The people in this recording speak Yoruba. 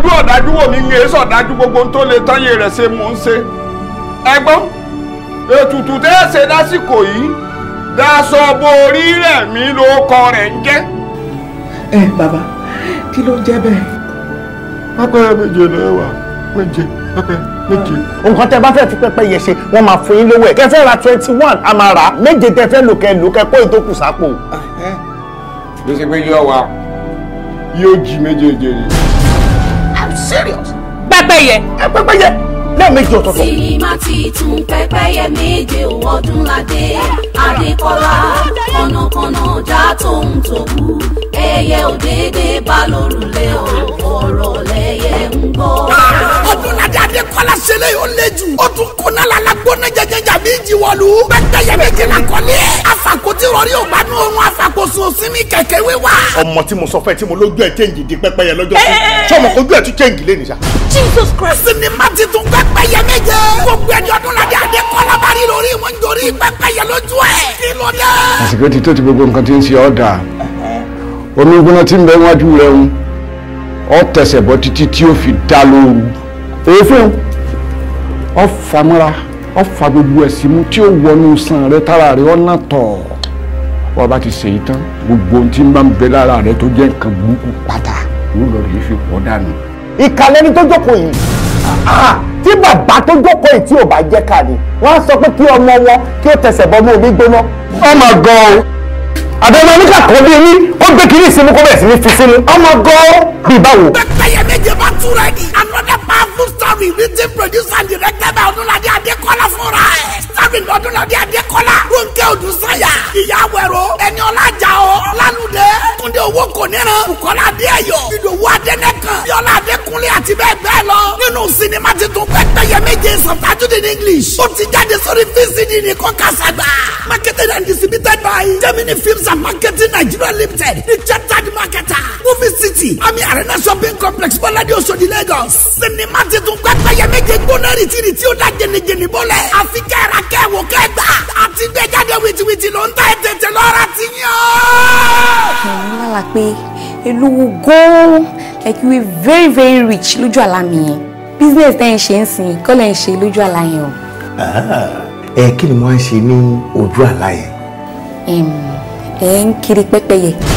fojú ọ̀dájú wò mí ń yé sọ̀dájú gbogbo tó lè táyé rẹ̀ ṣe mò ń ṣe ẹgbọ́n ètùtù tẹ́ ẹ ṣe lásìkò yìí daṣọ bo orí rẹ̀ mi ló kọ rẹ̀ ń jẹ́. ẹ bàbá kí ló ń jẹ bẹ́ẹ̀. pápẹ́ méje náà wà méje pápẹ́ méje. nǹkan tẹ bá fẹ́ fi pẹ́pẹ́ yẹ ṣe wọ́n máa fún yín lówó ẹ̀ kẹfẹ́ ra twenty one a máa rà á méje tẹ fẹ́ lò kẹ lò kẹ kó ìdókù sápò. ló ṣe pé yóò wá yóò jí méjèèjì rè é pẹ́pẹ́yẹ. ẹ pẹ́pẹ́yẹ lẹ́ẹ̀mejì ọ̀tọ̀ọ̀tọ̀. sinimá ti tún pẹ́pẹ́yẹ méje ọdún ládé adékọ́lá kọ̀nàkọ̀nà já tóun tòwú ẹyẹ òdédé bá lórúlẹ̀ ọ̀rọ̀ lẹ́yẹ ń gbọ́. ọdún ládé adékọ́lá ṣẹlẹ̀ yóò lé jù ó tún kóná lálá gbóná jẹjẹjà bí ìjì wọ̀lú pẹ́pẹ́yẹ méje lakọ́lé àfàk tí rọrí ò gbádùn òun sinmi kẹ̀kẹ́ wíwá. ọmọ tí mo sọ fẹ́ tí mo lójú ẹ̀ change di pẹ́pẹ́yẹ lọ́jọ́ sí sọmọ kojú ẹ̀ tún change lé nìyà. Jesus Christ. sinimá ti tún pẹ́pẹ́yẹ méje. gbogbo ẹni ọdún ládé adé kọ́lá bá rí lórí wọn nítorí pẹ́pẹ́yẹ lójú ẹ̀. kí ló dé. àsìkò ti tó ti gbogbo nǹkan tí ń ṣe ọ́ dà omi gbóná tí ń bẹ wájú rẹ ń ọ tẹsẹ̀ bọ́ títí tí ó fi dá lóru èéfín ọ fàmọ́ra ọ fa gbogbo ẹ̀sìn mú tí ó wọnú sàn rẹ tára rẹ ọ nà tọ̀ wọ́n bá ti ṣe yìí tán gbogbo ohun tí ń bá ń bẹ lára rẹ tó jẹ́ nǹkan burúkú pátá ló lọ rèé fi pọ̀ dànù. ìkàlẹ́ ni tó jókòó yìí ah, tí bàbá tó jókòó yìí tí ò bá jẹ́ ká ni wọ́n á sọ pé kí ọmọ wọn kí ó tẹsẹ̀ bọ́ mú omi gbóná. ọmọ gan-an àbẹ̀wò oníkà kan bí ní gbé kiri ìsinmi kó bẹ̀rẹ̀ sí ní fi sínú ọmọ gan-an bíi báwo. pẹ́pẹ́yẹ méje bá another powerful story written produced and directed by Ọdúnladé Adékọ́lá fúnra ẹ̀ starring Ọdúnladé Adékọ́lá Rónkẹ́ Odùsanyà ìyá wẹ̀rọ ẹni ọlájà o lálùdẹ túndé owó kò níran bukola adéyọ ìdòwú adẹnẹkan yọlá adékúnlé àti bẹ́ẹ̀ bẹ́ẹ̀ lọ nínú sinimá titun pẹ́pẹ́yẹ méje sọ̀tà ó ti jáde sórí vcd nìkan kásàgbà marketed and distributed by germany films and marketing nigeria limited the chartered marketer movie city ami arena shopping complex bọ́ládé oṣòdì lagos sinimá ti tún pẹ́pẹ́ yẹ méje gbóná rìtìrì tí ó dá jẹnijẹni bọ́lẹ̀ àfi kẹ́ra kẹ́wò kẹ́gbà àti gbẹ́jáde wìtìwìtì ló ń ta ẹ̀ tètè lọ́ra ti yàn. ẹ̀yin lára pé elúwo gan-an like you were very very rich lójú àlá mi yẹn business tẹ́ ń ṣe ń sìn kọ́lẹ̀ ń ṣe lójú àlá yẹn o ẹ kí ni mo á ṣe ní ojú àlá yẹn. ẹ ń kiri pẹ́pẹ́yẹ.